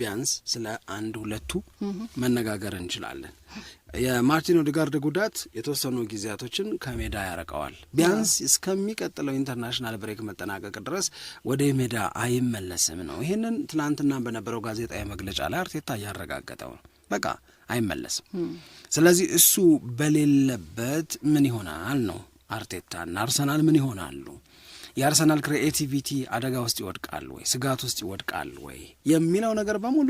ቢያንስ ስለ አንድ ሁለቱ መነጋገር እንችላለን። የማርቲን ኦዴጋርድ ጉዳት የተወሰኑ ጊዜያቶችን ከሜዳ ያረቀዋል። ቢያንስ እስከሚቀጥለው ኢንተርናሽናል ብሬክ መጠናቀቅ ድረስ ወደ ሜዳ አይመለስም ነው። ይህንን ትናንትና በነበረው ጋዜጣዊ መግለጫ ላይ አርቴታ እያረጋገጠው ነው። በቃ አይመለስም። ስለዚህ እሱ በሌለበት ምን ይሆናል ነው አርቴታና አርሰናል ምን ይሆናሉ? የአርሰናል ክሪኤቲቪቲ አደጋ ውስጥ ይወድቃል ወይ፣ ስጋት ውስጥ ይወድቃል ወይ የሚለው ነገር በሙሉ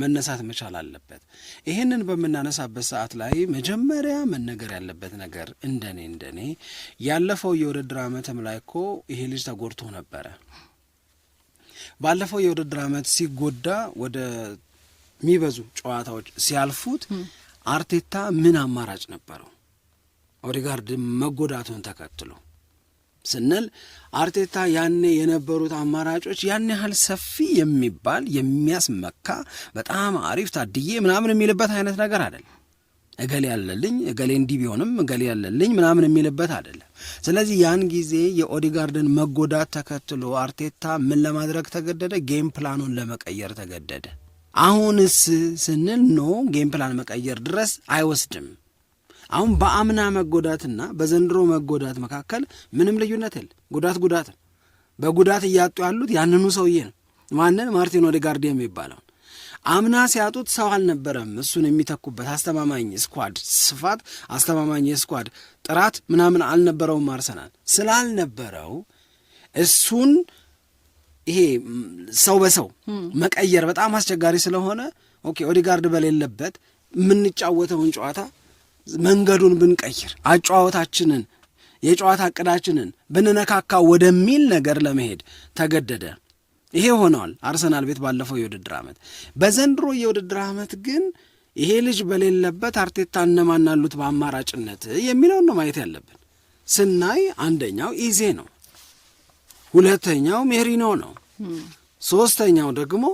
መነሳት መቻል አለበት። ይህንን በምናነሳበት ሰዓት ላይ መጀመሪያ መነገር ያለበት ነገር እንደኔ እንደኔ ያለፈው የውድድር ዓመትም ላይ እኮ ይሄ ልጅ ተጎድቶ ነበረ። ባለፈው የውድድር ዓመት ሲጎዳ ወደ ሚበዙ ጨዋታዎች ሲያልፉት አርቴታ ምን አማራጭ ነበረው? ኦዲጋርድ መጎዳቱን ተከትሎ ስንል አርቴታ ያኔ የነበሩት አማራጮች ያን ያህል ሰፊ የሚባል የሚያስመካ በጣም አሪፍ ታድዬ ምናምን የሚልበት አይነት ነገር አይደለም። እገሌ ያለልኝ እገሌ እንዲህ ቢሆንም እገሌ ያለልኝ ምናምን የሚልበት አይደለም። ስለዚህ ያን ጊዜ የኦዲጋርድን መጎዳት ተከትሎ አርቴታ ምን ለማድረግ ተገደደ? ጌም ፕላኑን ለመቀየር ተገደደ። አሁንስ ስንል ኖ ጌም ፕላን መቀየር ድረስ አይወስድም። አሁን በአምና መጎዳትና በዘንድሮ መጎዳት መካከል ምንም ልዩነት የለ። ጉዳት ጉዳት ነው። በጉዳት እያጡ ያሉት ያንኑ ሰውዬ ነው። ማንን? ማርቲን ኦዴጋርድ የሚባለው አምና ሲያጡት ሰው አልነበረም እሱን የሚተኩበት አስተማማኝ ስኳድ ስፋት፣ አስተማማኝ ስኳድ ጥራት ምናምን አልነበረውም። አርሰናል ስላልነበረው እሱን ይሄ ሰው በሰው መቀየር በጣም አስቸጋሪ ስለሆነ ኦኬ ኦዲጋርድ በሌለበት የምንጫወተውን ጨዋታ መንገዱን ብንቀይር አጨዋወታችንን የጨዋታ አቅዳችንን ብንነካካ ወደሚል ነገር ለመሄድ ተገደደ። ይሄ ሆነዋል አርሰናል ቤት ባለፈው የውድድር ዓመት። በዘንድሮ የውድድር ዓመት ግን ይሄ ልጅ በሌለበት አርቴታ እነማን አሉት በአማራጭነት የሚለውን ነው ማየት ያለብን። ስናይ አንደኛው ኢዜ ነው፣ ሁለተኛው ሜሪኖ ነው፣ ሶስተኛው ደግሞ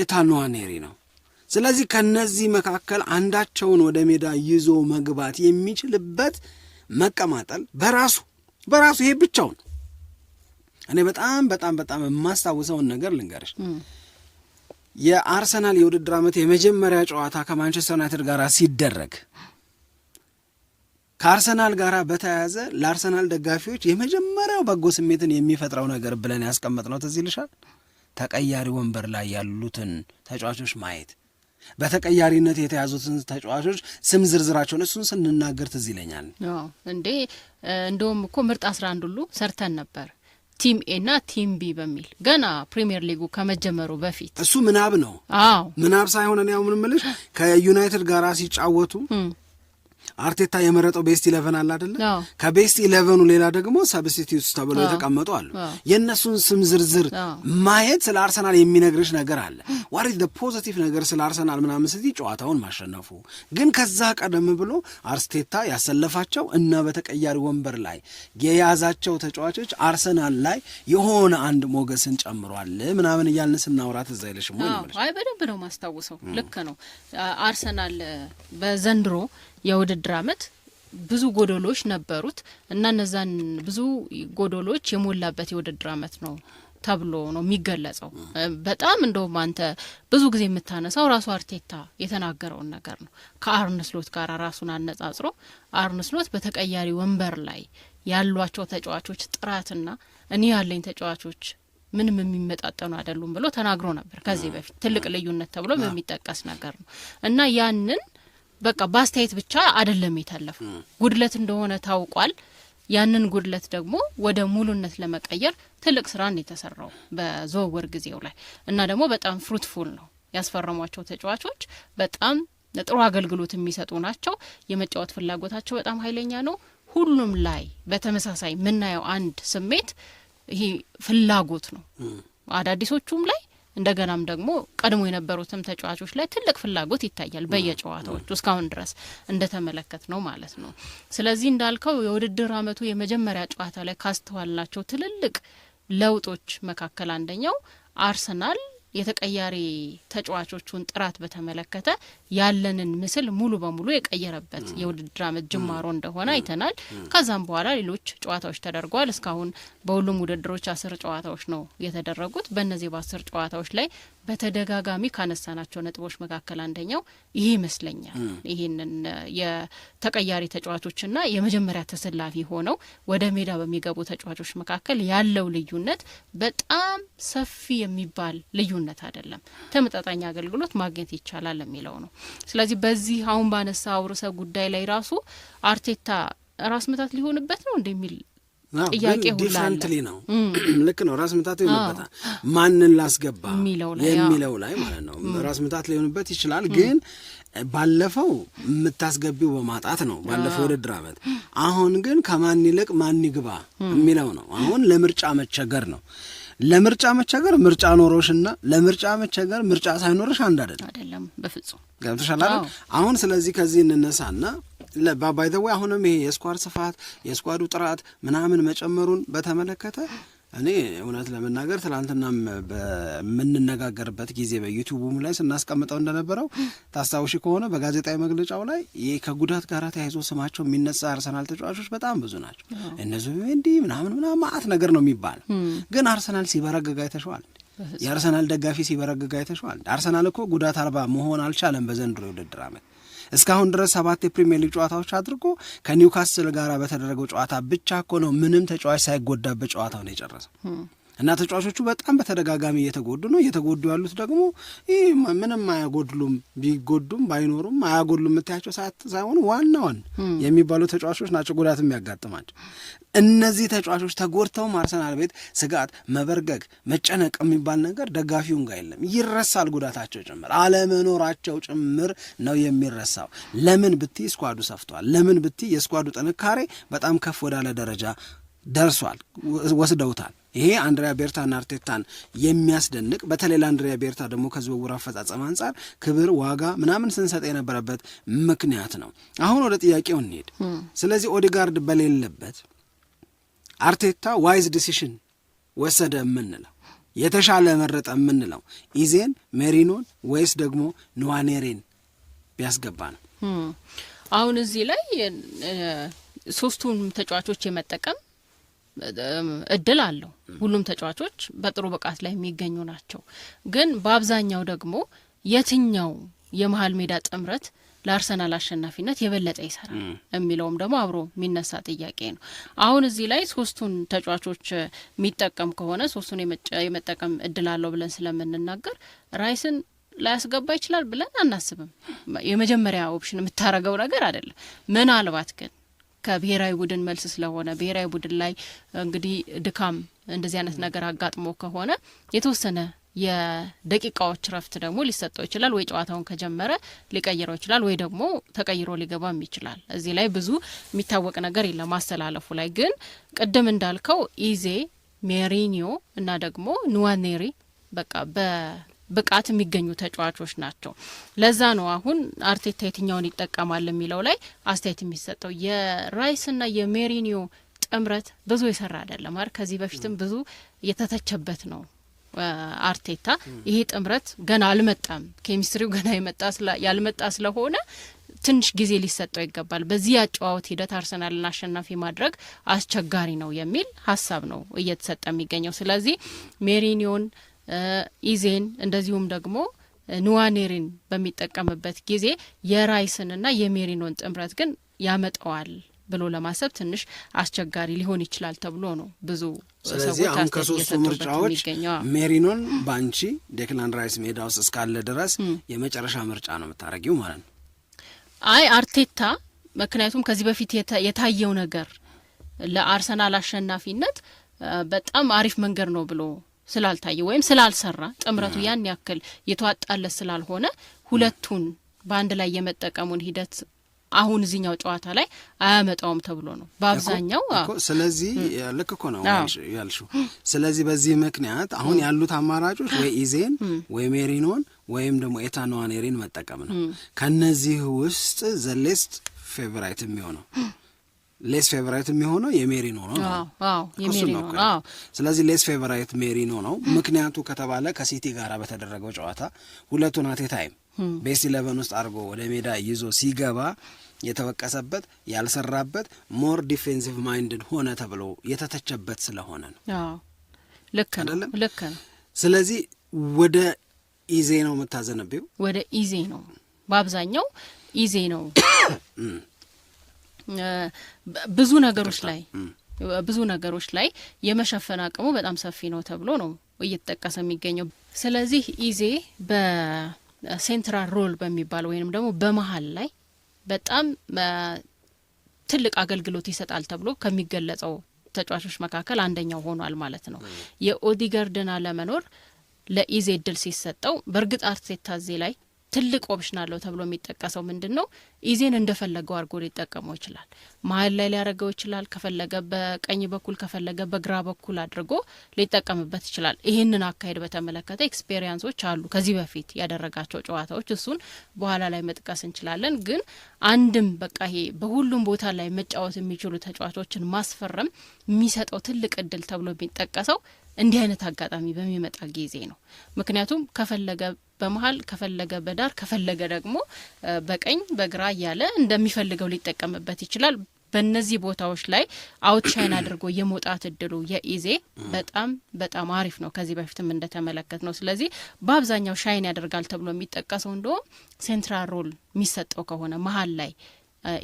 ኤታ ንዋኔሪ ነው። ስለዚህ ከነዚህ መካከል አንዳቸውን ወደ ሜዳ ይዞ መግባት የሚችልበት መቀማጠል በራሱ በራሱ ይሄ ብቻው ነው። እኔ በጣም በጣም በጣም የማስታውሰውን ነገር ልንገርሽ። የአርሰናል የውድድር ዓመት የመጀመሪያ ጨዋታ ከማንቸስተር ዩናይትድ ጋር ሲደረግ ከአርሰናል ጋር በተያያዘ ለአርሰናል ደጋፊዎች የመጀመሪያው በጎ ስሜትን የሚፈጥረው ነገር ብለን ያስቀመጥነው ትዝ ይልሻል? ተቀያሪ ወንበር ላይ ያሉትን ተጫዋቾች ማየት በተቀያሪነት የተያዙትን ተጫዋቾች ስም ዝርዝራቸውን እሱን ስንናገር ትዝ ይለኛል እንዴ። እንደውም እኮ ምርጥ አስራ አንድ ሁሉ ሰርተን ነበር ቲም ኤ ና ቲም ቢ በሚል ገና ፕሪሚየር ሊጉ ከመጀመሩ በፊት እሱ ምናብ ነው። አዎ ምናብ ሳይሆን እኔ ያው ከዩናይትድ ጋር ሲጫወቱ አርቴታ የመረጠው ቤስት ኢለቨን አለ አደለ? ከቤስት ኢለቨኑ ሌላ ደግሞ ሰብስቲቱስ ተብሎ የተቀመጡ አሉ። የእነሱን ስም ዝርዝር ማየት ስለ አርሰናል የሚነግርሽ ነገር አለ። ዋሪት ፖዘቲቭ ነገር ስለ አርሰናል ምናምን ስቲ ጨዋታውን ማሸነፉ ግን ከዛ ቀደም ብሎ አርቴታ ያሰለፋቸው እና በተቀያሪ ወንበር ላይ የያዛቸው ተጫዋቾች አርሰናል ላይ የሆነ አንድ ሞገስን ጨምሯል ምናምን እያልን ስናውራት እዛ ይለሽ አይ በደንብ ነው ማስታውሰው። ልክ ነው አርሰናል በዘንድሮ የውድድር አመት ብዙ ጎደሎች ነበሩት እና እነዛን ብዙ ጎደሎች የሞላበት የውድድር አመት ነው ተብሎ ነው የሚገለጸው። በጣም እንደውም አንተ ብዙ ጊዜ የምታነሳው ራሱ አርቴታ የተናገረውን ነገር ነው። ከአርንስሎት ጋር ራሱን አነጻጽሮ አርንስሎት በተቀያሪ ወንበር ላይ ያሏቸው ተጫዋቾች ጥራትና እኔ ያለኝ ተጫዋቾች ምንም የሚመጣጠኑ አይደሉም ብሎ ተናግሮ ነበር። ከዚህ በፊት ትልቅ ልዩነት ተብሎ የሚጠቀስ ነገር ነው እና ያንን በቃ በአስተያየት ብቻ አይደለም የታለፈው፣ ጉድለት እንደሆነ ታውቋል። ያንን ጉድለት ደግሞ ወደ ሙሉነት ለመቀየር ትልቅ ስራ ነው የተሰራው በዝውውር ጊዜው ላይ እና ደግሞ በጣም ፍሩትፉል ነው ያስፈረሟቸው ተጫዋቾች በጣም ጥሩ አገልግሎት የሚሰጡ ናቸው። የመጫወት ፍላጎታቸው በጣም ኃይለኛ ነው። ሁሉም ላይ በተመሳሳይ የምናየው አንድ ስሜት ይሄ ፍላጎት ነው። አዳዲሶቹም ላይ እንደገናም ደግሞ ቀድሞ የነበሩትም ተጫዋቾች ላይ ትልቅ ፍላጎት ይታያል በየጨዋታዎቹ እስካሁን ድረስ እንደተመለከት ነው ማለት ነው። ስለዚህ እንዳልከው የውድድር አመቱ የመጀመሪያ ጨዋታ ላይ ካስተዋልናቸው ትልልቅ ለውጦች መካከል አንደኛው አርሰናል የተቀያሪ ተጫዋቾቹን ጥራት በተመለከተ ያለንን ምስል ሙሉ በሙሉ የቀየረበት የውድድር አመት ጅማሮ እንደሆነ አይተናል። ከዛም በኋላ ሌሎች ጨዋታዎች ተደርጓል። እስካሁን በሁሉም ውድድሮች አስር ጨዋታዎች ነው የተደረጉት። በእነዚህ በአስር ጨዋታዎች ላይ በተደጋጋሚ ካነሳናቸው ነጥቦች መካከል አንደኛው ይህ ይመስለኛል። ይህንን የተቀያሪ ተጫዋቾችና የመጀመሪያ ተሰላፊ ሆነው ወደ ሜዳ በሚገቡ ተጫዋቾች መካከል ያለው ልዩነት በጣም ሰፊ የሚባል ልዩነት አይደለም። ተመጣጣኝ አገልግሎት ማግኘት ይቻላል የሚለው ነው። ስለዚህ በዚህ አሁን ባነሳው ርዕሰ ጉዳይ ላይ ራሱ አርቴታ ራስ ምታት ሊሆንበት ነው እንደሚል ጥያቄ ዲፍረንትሊ ነው። ልክ ነው። ራስ ምታት ሊሆንበታል ማንን ላስገባ የሚለው ላይ ማለት ነው። ራስ ምታት ሊሆንበት ይችላል ግን ባለፈው የምታስገቢው በማጣት ነው፣ ባለፈው ውድድር ዓመት። አሁን ግን ከማን ይልቅ ማን ይግባ የሚለው ነው። አሁን ለምርጫ መቸገር ነው። ለምርጫ መቸገር ምርጫ ኖሮሽ እና ለምርጫ መቸገር ምርጫ ሳይኖርሽ አንድ አይደለም። አይደለም በፍጹም አይደል? አሁን ስለዚህ ከዚህ እንነሳና ባይዘዌ አሁንም ይሄ የስኳድ ስፋት የስኳዱ ጥራት ምናምን መጨመሩን በተመለከተ እኔ እውነት ለመናገር ትናንትናም በምንነጋገርበት ጊዜ በዩቱቡም ላይ ስናስቀምጠው እንደነበረው ታስታውሺ ከሆነ በጋዜጣዊ መግለጫው ላይ ይህ ከጉዳት ጋር ተያይዞ ስማቸው የሚነሳ አርሰናል ተጫዋቾች በጣም ብዙ ናቸው። እነዚ እንዲ ምናምን ምናምን ማአት ነገር ነው የሚባለው። ግን አርሰናል ሲበረግግ አይተሸዋል። የአርሰናል ደጋፊ ሲበረግግ አይተሸዋል። አርሰናል እኮ ጉዳት አልባ መሆን አልቻለም በዘንድሮ የውድድር አመት እስካሁን ድረስ ሰባት የፕሪሚየር ሊግ ጨዋታዎች አድርጎ ከኒውካስል ጋር በተደረገው ጨዋታ ብቻ እኮ ነው ምንም ተጫዋች ሳይጎዳበት ጨዋታው ነው የጨረሰው። እና ተጫዋቾቹ በጣም በተደጋጋሚ እየተጎዱ ነው። እየተጎዱ ያሉት ደግሞ ይህ ምንም አያጎድሉም፣ ቢጎዱም ባይኖሩም አያጎድሉም የምታያቸው ሳይሆኑ ዋና ዋን የሚባሉ ተጫዋቾች ናቸው ጉዳት የሚያጋጥማቸው። እነዚህ ተጫዋቾች ተጎድተውም አርሰናል ቤት ስጋት፣ መበርገግ፣ መጨነቅ የሚባል ነገር ደጋፊውን ጋር የለም። ይረሳል፣ ጉዳታቸው ጭምር አለመኖራቸው ጭምር ነው የሚረሳው። ለምን ብቲ ስኳዱ ሰፍቷል። ለምን ብቲ የስኳዱ ጥንካሬ በጣም ከፍ ወዳለ ደረጃ ደርሷል፣ ወስደውታል። ይሄ አንድሪያ ቤርታና አርቴታን የሚያስደንቅ በተለይ ለአንድሪያ ቤርታ ደግሞ ከዝውውር አፈጻጸም አንጻር ክብር ዋጋ ምናምን ስንሰጥ የነበረበት ምክንያት ነው። አሁን ወደ ጥያቄው እንሄድ። ስለዚህ ኦዲጋርድ በሌለበት አርቴታ ዋይዝ ዲሲሽን ወሰደ የምንለው የተሻለ መረጠ የምንለው ኢዜን፣ ሜሪኖን ወይስ ደግሞ ንዋኔሬን ቢያስገባ ነው። አሁን እዚህ ላይ ሶስቱን ተጫዋቾች የመጠቀም እድል አለው። ሁሉም ተጫዋቾች በጥሩ ብቃት ላይ የሚገኙ ናቸው። ግን በአብዛኛው ደግሞ የትኛው የመሀል ሜዳ ጥምረት ለአርሰናል አሸናፊነት የበለጠ ይሰራል የሚለውም ደግሞ አብሮ የሚነሳ ጥያቄ ነው። አሁን እዚህ ላይ ሶስቱን ተጫዋቾች የሚጠቀም ከሆነ ሶስቱን የመጠቀም እድል አለው ብለን ስለምንናገር ራይስን ላያስገባ ይችላል ብለን አናስብም። የመጀመሪያ ኦፕሽን የምታረገው ነገር አይደለም። ምናልባት ግን ከብሔራዊ ቡድን መልስ ስለሆነ ብሔራዊ ቡድን ላይ እንግዲህ ድካም እንደዚህ አይነት ነገር አጋጥሞ ከሆነ የተወሰነ የደቂቃዎች ረፍት ደግሞ ሊሰጠው ይችላል። ወይ ጨዋታውን ከጀመረ ሊቀይረው ይችላል፣ ወይ ደግሞ ተቀይሮ ሊገባም ይችላል። እዚህ ላይ ብዙ የሚታወቅ ነገር የለም። አስተላለፉ ላይ ግን ቅድም እንዳልከው ኢዜ ሜሪኒዮ እና ደግሞ ኑዋኔሪ በቃ በብቃት የሚገኙ ተጫዋቾች ናቸው። ለዛ ነው አሁን አርቴታ የትኛውን ይጠቀማል የሚለው ላይ አስተያየት የሚሰጠው የራይስና የሜሪኒዮ ጥምረት ብዙ የሰራ አይደለም አር ከዚህ በፊትም ብዙ የተተቸበት ነው አርቴታ ይሄ ጥምረት ገና አልመጣም፣ ኬሚስትሪው ገና ያልመጣ ስለሆነ ትንሽ ጊዜ ሊሰጠው ይገባል። በዚህ አጨዋወት ሂደት አርሰናልን አሸናፊ ማድረግ አስቸጋሪ ነው የሚል ሀሳብ ነው እየተሰጠ የሚገኘው። ስለዚህ ሜሪኒዮን፣ ኢዜን እንደዚሁም ደግሞ ኑዋኔሪን በሚጠቀምበት ጊዜ የራይስንና የሜሪኖን ጥምረት ግን ያመጣዋል ብሎ ለማሰብ ትንሽ አስቸጋሪ ሊሆን ይችላል ተብሎ ነው ብዙ ስለዚህ አሁን ከሶስቱ ምርጫዎች ሜሪኖን፣ ባንቺ፣ ዴክላን ራይስ ሜዳ ውስጥ እስካለ ድረስ የመጨረሻ ምርጫ ነው የምታደረጊው ማለት ነው። አይ አርቴታ ምክንያቱም ከዚህ በፊት የታየው ነገር ለአርሰናል አሸናፊነት በጣም አሪፍ መንገድ ነው ብሎ ስላልታየ ወይም ስላልሰራ ጥምረቱ ያን ያክል የተዋጣለት ስላልሆነ ሁለቱን በአንድ ላይ የመጠቀሙን ሂደት አሁን እዚኛው ጨዋታ ላይ አያመጣውም ተብሎ ነው በአብዛኛው። ስለዚህ ልክ እኮ ነው ያልሽው። ስለዚህ በዚህ ምክንያት አሁን ያሉት አማራጮች ወይ ኢዜን ወይ ሜሪኖን ወይም ደግሞ ኤታኖዋኔሪን መጠቀም ነው። ከነዚህ ውስጥ ዘሌስት ፌቨራይት የሚሆነው ሌስ ፌቨራይት የሚሆነው የሜሪኖ ነው። ስለዚህ ሌስ ፌቨራይት ሜሪኖ ነው። ምክንያቱ ከተባለ ከሲቲ ጋር በተደረገው ጨዋታ ሁለቱን አቴ ታይም ቤስ ኢለቨን ውስጥ አድርጎ ወደ ሜዳ ይዞ ሲገባ የተወቀሰበት ያልሰራበት ሞር ዲፌንሲቭ ማይንድን ሆነ ተብሎ የተተቸበት ስለሆነ ነው። ልክ ነው፣ ልክ ነው። ስለዚህ ወደ ኢዜ ነው የምታዘነብው? ወደ ኢዜ ነው በአብዛኛው ኢዜ ነው። ብዙ ነገሮች ላይ ብዙ ነገሮች ላይ የመሸፈን አቅሙ በጣም ሰፊ ነው ተብሎ ነው እየተጠቀሰ የሚገኘው። ስለዚህ ኢዜ በ ሴንትራል ሮል በሚባል ወይንም ደግሞ በመሀል ላይ በጣም ትልቅ አገልግሎት ይሰጣል ተብሎ ከሚገለጸው ተጫዋቾች መካከል አንደኛው ሆኗል ማለት ነው። የኦዲገርድን አለመኖር ለኢዜ እድል ሲሰጠው በእርግጥ አርቴታ እዚህ ላይ ትልቅ ኦፕሽን አለው ተብሎ የሚጠቀሰው ምንድን ነው? ኢዜን እንደፈለገው አድርጎ ሊጠቀመው ይችላል። መሀል ላይ ሊያደርገው ይችላል። ከፈለገ በቀኝ በኩል ከፈለገ በግራ በኩል አድርጎ ሊጠቀምበት ይችላል። ይህንን አካሄድ በተመለከተ ኤክስፔሪንሶች አሉ፣ ከዚህ በፊት ያደረጋቸው ጨዋታዎች። እሱን በኋላ ላይ መጥቀስ እንችላለን። ግን አንድም በቃ ይሄ በሁሉም ቦታ ላይ መጫወት የሚችሉ ተጫዋቾችን ማስፈረም የሚሰጠው ትልቅ እድል ተብሎ የሚጠቀሰው እንዲህ አይነት አጋጣሚ በሚመጣ ጊዜ ነው። ምክንያቱም ከፈለገ በመሀል ከፈለገ በዳር ከፈለገ ደግሞ በቀኝ በግራ እያለ እንደሚፈልገው ሊጠቀምበት ይችላል። በእነዚህ ቦታዎች ላይ አውትሻይን አድርጎ የመውጣት እድሉ የኢዜ በጣም በጣም አሪፍ ነው። ከዚህ በፊትም እንደተመለከት ነው። ስለዚህ በአብዛኛው ሻይን ያደርጋል ተብሎ የሚጠቀሰው እንደውም ሴንትራል ሮል የሚሰጠው ከሆነ መሀል ላይ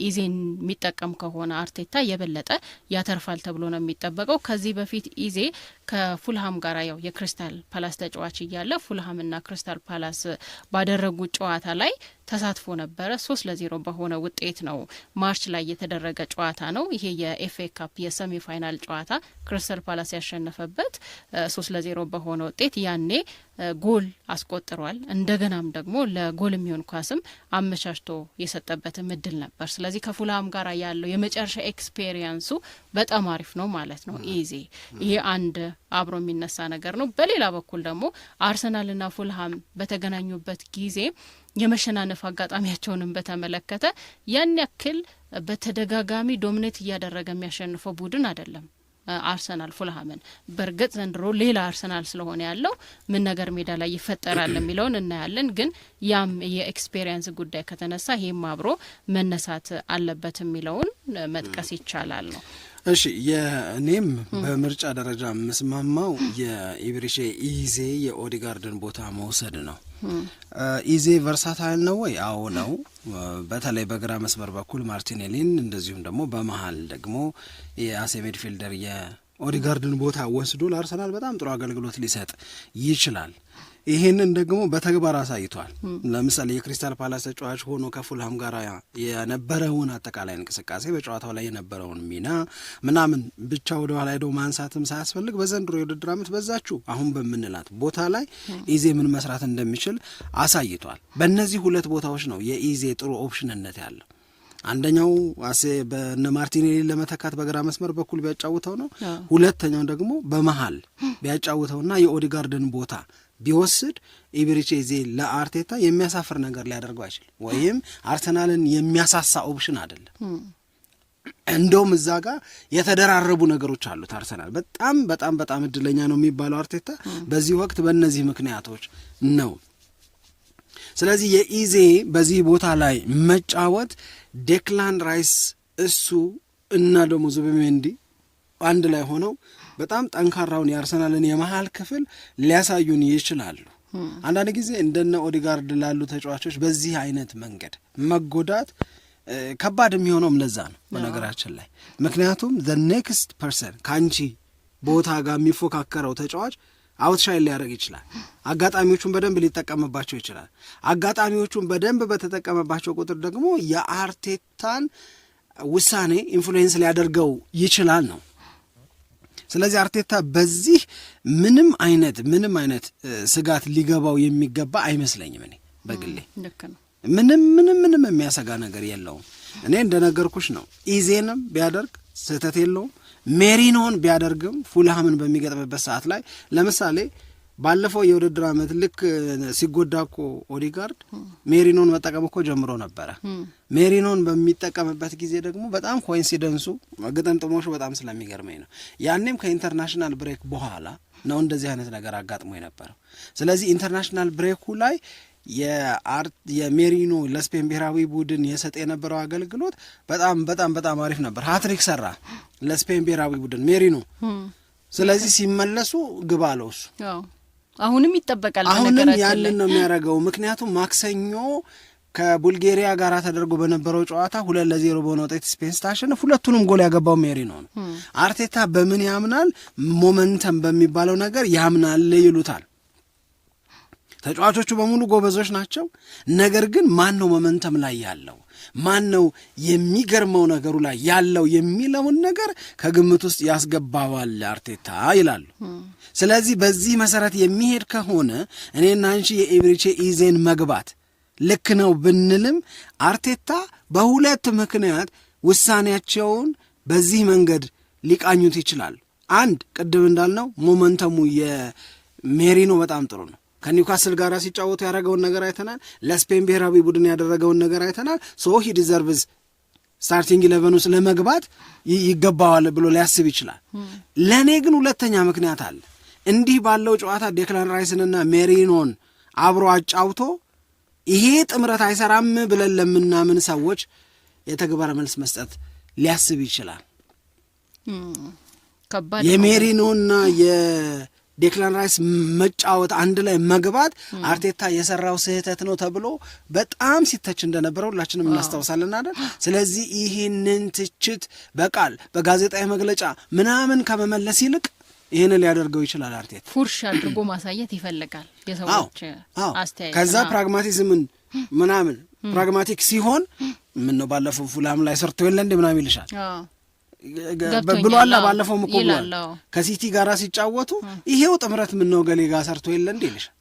ኢዜን የሚጠቀም ከሆነ አርቴታ የበለጠ ያተርፋል ተብሎ ነው የሚጠበቀው። ከዚህ በፊት ኢዜ ከፉልሃም ጋር ያው የክሪስታል ፓላስ ተጫዋች እያለ ፉልሃምና ክሪስታል ፓላስ ባደረጉት ጨዋታ ላይ ተሳትፎ ነበረ። ሶስት ለዜሮ በሆነ ውጤት ነው ማርች ላይ የተደረገ ጨዋታ ነው ይሄ የኤፍኤ ካፕ የሰሚ ፋይናል ጨዋታ ክሪስታል ፓላስ ያሸነፈበት ሶስት ለዜሮ በሆነ ውጤት ያኔ ጎል አስቆጥሯል። እንደገናም ደግሞ ለጎል የሚሆን ኳስም አመቻችቶ የሰጠበትም እድል ነበር። ስለዚህ ከፉላም ጋር ያለው የመጨረሻ ኤክስፔሪየንሱ በጣም አሪፍ ነው ማለት ነው። ኢዜ ይሄ አንድ አብሮ የሚነሳ ነገር ነው። በሌላ በኩል ደግሞ አርሰናልና ፉልሃም በተገናኙበት ጊዜ የመሸናነፍ አጋጣሚያቸውንም በተመለከተ ያን ያክል በተደጋጋሚ ዶሚኔት እያደረገ የሚያሸንፈው ቡድን አይደለም። አርሰናል ፉልሃምን። በእርግጥ ዘንድሮ ሌላ አርሰናል ስለሆነ ያለው ምን ነገር ሜዳ ላይ ይፈጠራል የሚለውን እናያለን። ግን ያም የኤክስፔሪየንስ ጉዳይ ከተነሳ ይህም አብሮ መነሳት አለበት የሚለውን መጥቀስ ይቻላል ነው። እሺ የእኔም በምርጫ ደረጃ የምስማማው የኢብሪሼ ኢዜ የኦዲጋርድን ቦታ መውሰድ ነው። ኢዜ ቨርሳታይል ነው ወይ? አዎ ነው። በተለይ በግራ መስመር በኩል ማርቲኔሊን እንደዚሁም ደግሞ በመሀል ደግሞ የአሴ ሜድፊልደር የኦዲጋርድን ቦታ ወስዶ ለአርሰናል በጣም ጥሩ አገልግሎት ሊሰጥ ይችላል። ይህንን ደግሞ በተግባር አሳይቷል። ለምሳሌ የክሪስታል ፓላስ ተጫዋች ሆኖ ከፉልሃም ጋር የነበረውን አጠቃላይ እንቅስቃሴ በጨዋታው ላይ የነበረውን ሚና ምናምን ብቻ ኋላ ሄዶ ማንሳትም ሳያስፈልግ በዘንድሮ የውድድር ዓመት በዛችሁ አሁን በምንላት ቦታ ላይ ኢዜ ምን መስራት እንደሚችል አሳይቷል። በእነዚህ ሁለት ቦታዎች ነው የኢዜ ጥሩ ኦፕሽንነት ያለው። አንደኛው በነ ማርቲኔሊ ለመተካት በግራ መስመር በኩል ቢያጫውተው ነው። ሁለተኛው ደግሞ በመሀል ቢያጫውተውና የኦዲጋርድን ቦታ ቢወስድ ኢብሪቼዜ ለአርቴታ የሚያሳፍር ነገር ሊያደርገው አይችልም፣ ወይም አርሰናልን የሚያሳሳ ኦፕሽን አይደለም። እንደውም እዛ ጋር የተደራረቡ ነገሮች አሉት። አርሰናል በጣም በጣም በጣም እድለኛ ነው የሚባለው አርቴታ በዚህ ወቅት በእነዚህ ምክንያቶች ነው። ስለዚህ የኢዜ በዚህ ቦታ ላይ መጫወት ዴክላን ራይስ እሱ እና ደግሞ ዙቢሜንዲ አንድ ላይ ሆነው በጣም ጠንካራውን የአርሰናልን የመሀል ክፍል ሊያሳዩን ይችላሉ። አንዳንድ ጊዜ እንደነ ኦዲጋርድ ላሉ ተጫዋቾች በዚህ አይነት መንገድ መጎዳት ከባድ የሚሆነውም ለዛ ነው በነገራችን ላይ ምክንያቱም ዘ ኔክስት ፐርሰን ከአንቺ ቦታ ጋር የሚፎካከረው ተጫዋች አውትሻይን ሊያደርግ ይችላል። አጋጣሚዎቹን በደንብ ሊጠቀምባቸው ይችላል። አጋጣሚዎቹን በደንብ በተጠቀመባቸው ቁጥር ደግሞ የአርቴታን ውሳኔ ኢንፍሉዌንስ ሊያደርገው ይችላል ነው ስለዚህ አርቴታ በዚህ ምንም አይነት ምንም አይነት ስጋት ሊገባው የሚገባ አይመስለኝም። እኔ በግሌ ምንም ምንም ምንም የሚያሰጋ ነገር የለውም። እኔ እንደነገርኩሽ ነው። ኢዜንም ቢያደርግ ስህተት የለውም። ሜሪኖን ቢያደርግም ፉልሃምን በሚገጥምበት ሰዓት ላይ ለምሳሌ ባለፈው የውድድር አመት ልክ ሲጎዳ እኮ ኦዲጋርድ ሜሪኖን መጠቀም እኮ ጀምሮ ነበረ። ሜሪኖን በሚጠቀምበት ጊዜ ደግሞ በጣም ኮይንሲደንሱ ግጥምጥሞሹ በጣም ስለሚገርመኝ ነው። ያኔም ከኢንተርናሽናል ብሬክ በኋላ ነው እንደዚህ አይነት ነገር አጋጥሞ የነበረው። ስለዚህ ኢንተርናሽናል ብሬኩ ላይ የሜሪኖ ለስፔን ብሔራዊ ቡድን የሰጠ የነበረው አገልግሎት በጣም በጣም በጣም አሪፍ ነበር። ሀትሪክ ሰራ ለስፔን ብሔራዊ ቡድን ሜሪኖ። ስለዚህ ሲመለሱ ግብ አለው እሱ አሁንም ይጠበቃል። አሁንም ያንን ነው የሚያደርገው። ምክንያቱም ማክሰኞ ከቡልጌሪያ ጋር ተደርጎ በነበረው ጨዋታ ሁለት ለዜሮ በሆነ ውጤት ስፔን ስታሸንፍ ሁለቱንም ጎል ያገባው ሜሪኖ ነው። አርቴታ በምን ያምናል? ሞመንተም በሚባለው ነገር ያምናል ይሉታል ተጫዋቾቹ በሙሉ ጎበዞች ናቸው። ነገር ግን ማን ነው ሞመንተም ላይ ያለው ማን ነው የሚገርመው ነገሩ ላይ ያለው የሚለውን ነገር ከግምት ውስጥ ያስገባዋል አርቴታ ይላሉ። ስለዚህ በዚህ መሰረት የሚሄድ ከሆነ እኔና አንቺ የኢብሪቼ ኢዜን መግባት ልክ ነው ብንልም አርቴታ በሁለት ምክንያት ውሳኔያቸውን በዚህ መንገድ ሊቃኙት ይችላል። አንድ ቅድም እንዳልነው ሞመንተሙ የሜሪኖ በጣም ጥሩ ነው። ከኒውካስል ጋር ሲጫወቱ ያደረገውን ነገር አይተናል። ለስፔን ብሔራዊ ቡድን ያደረገውን ነገር አይተናል። ሶ ሂ ዲዘርቭዝ ስታርቲንግ ኢለቨን ውስጥ ለመግባት ይገባዋል ብሎ ሊያስብ ይችላል። ለእኔ ግን ሁለተኛ ምክንያት አለ። እንዲህ ባለው ጨዋታ ዴክላን ራይስንና ሜሪኖን አብሮ አጫውቶ ይሄ ጥምረት አይሰራም ብለን ለምናምን ሰዎች የተግባር መልስ መስጠት ሊያስብ ይችላል። የሜሪኖና የዴክላን ራይስ መጫወት አንድ ላይ መግባት አርቴታ የሰራው ስህተት ነው ተብሎ በጣም ሲተች እንደነበረ ሁላችንም እናስታውሳለን አይደል? ስለዚህ ይህንን ትችት በቃል በጋዜጣዊ መግለጫ ምናምን ከመመለስ ይልቅ ይህንን ሊያደርገው ይችላል። አርቴት ፉርሽ አድርጎ ማሳየት ይፈልጋል። የሰዎች አስተያየት ከዛ ፕራግማቲዝምን ምናምን ፕራግማቲክ ሲሆን ምን ነው ባለፈው ፉላም ላይ ሰርቶ የለ እንደ ምናምን ይልሻል ብሏላ ባለፈው ምኮ ከሲቲ ጋር ሲጫወቱ ይሄው ጥምረት ምን ነው ገሌ ጋር ሰርቶ የለ እንደ ይልሻል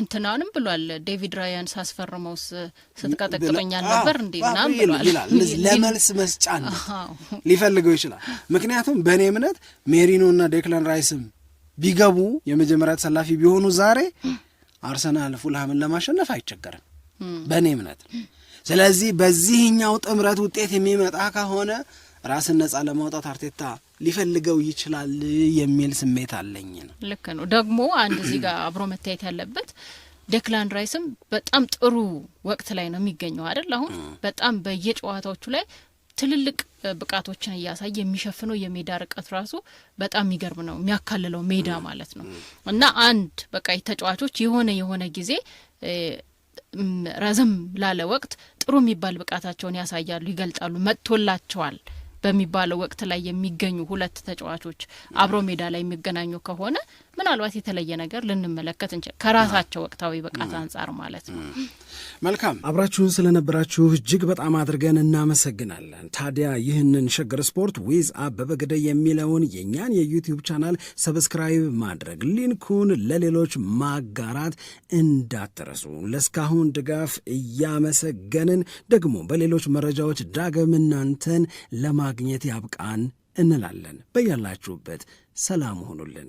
እንትናንም ብሏል ዴቪድ ራያን ሳስፈርመውስ ስትቀጠቅጠኛል ነበር እንዴ ለመልስ መስጫ ነው ሊፈልገው ይችላል። ምክንያቱም በእኔ እምነት እና ዴክለን ራይስም ቢገቡ የመጀመሪያ ተሰላፊ ቢሆኑ ዛሬ አርሰናል ፉልሃምን ለማሸነፍ አይቸገርም በእኔ እምነት። ስለዚህ በዚህኛው ጥምረት ውጤት የሚመጣ ከሆነ ራስን ነጻ ለማውጣት አርቴታ ሊፈልገው ይችላል የሚል ስሜት አለኝ ነው። ልክ ነው። ደግሞ አንድ እዚህ ጋር አብሮ መታየት ያለበት ዴክላን ራይስም በጣም ጥሩ ወቅት ላይ ነው የሚገኘው አይደል? አሁን በጣም በየጨዋታዎቹ ላይ ትልልቅ ብቃቶችን እያሳየ የሚሸፍነው የሜዳ ርቀት ራሱ በጣም የሚገርም ነው፣ የሚያካልለው ሜዳ ማለት ነው። እና አንድ በቃ ተጫዋቾች የሆነ የሆነ ጊዜ ረዘም ላለ ወቅት ጥሩ የሚባል ብቃታቸውን ያሳያሉ፣ ይገልጣሉ፣ መጥቶላቸዋል በሚባለው ወቅት ላይ የሚገኙ ሁለት ተጫዋቾች አብሮ ሜዳ ላይ የሚገናኙ ከሆነ ምናልባት የተለየ ነገር ልንመለከት እንችል ከራሳቸው ወቅታዊ ብቃት አንጻር ማለት ነው። መልካም አብራችሁን ስለነበራችሁ እጅግ በጣም አድርገን እናመሰግናለን። ታዲያ ይህንን ሸገር ስፖርት ዊዝ አበበ ግደይ የሚለውን የእኛን የዩቲዩብ ቻናል ሰብስክራይብ ማድረግ ሊንኩን ለሌሎች ማጋራት እንዳትረሱ። ለእስካሁን ድጋፍ እያመሰገንን ደግሞ በሌሎች መረጃዎች ዳግም እናንተን ለማግኘት ያብቃን እንላለን። በያላችሁበት ሰላም ሆኑልን።